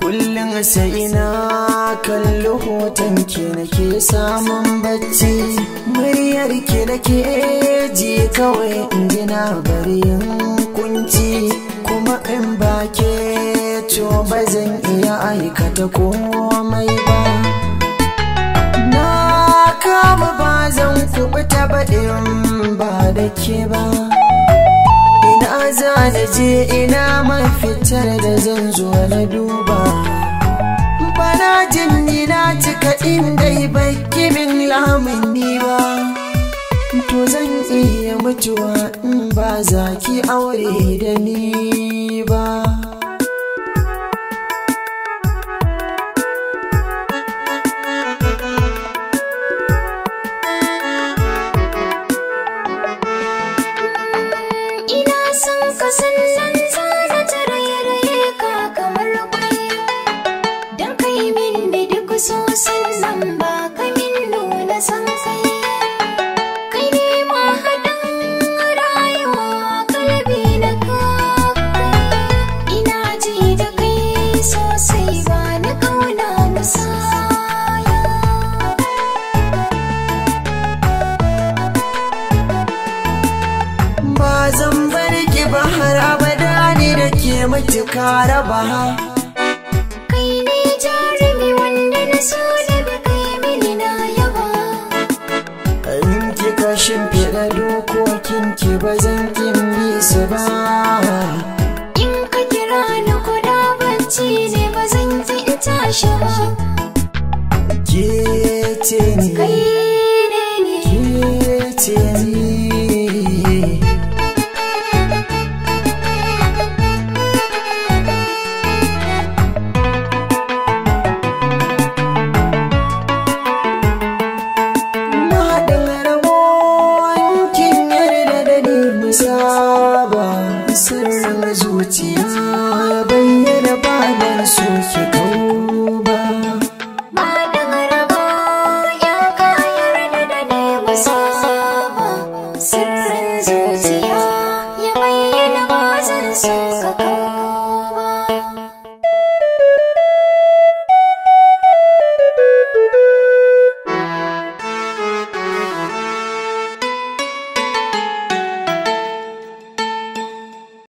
kullum sai ina kallo hoton ki nake samun bacci muryar ki nake ji kawai in ji na bari kunci kuma in ba ke to ba zan iya aikata komai ba na kama ba zan kubuta baɗin ba da ke ba ina za na je mafitar da zan zo na duba bana jin ni na cika inda bai kimin lamuni ba to zan iya mutuwa in ba za ki aure da ni ba close. ki kara ba kai ne jarumi wanda na so da kai mini na yaba in kika shimfiɗa dokokin ki ba zan kin su ba in ka kira ni kuda bacci ne ba zan ji ita shi ba ke ni kai ne ni ba sirrin zuciya bayyana ba da so ki kau ba ba ya kayar da da ne ba sirrin zuciya ya bayyana ba zan so ka kau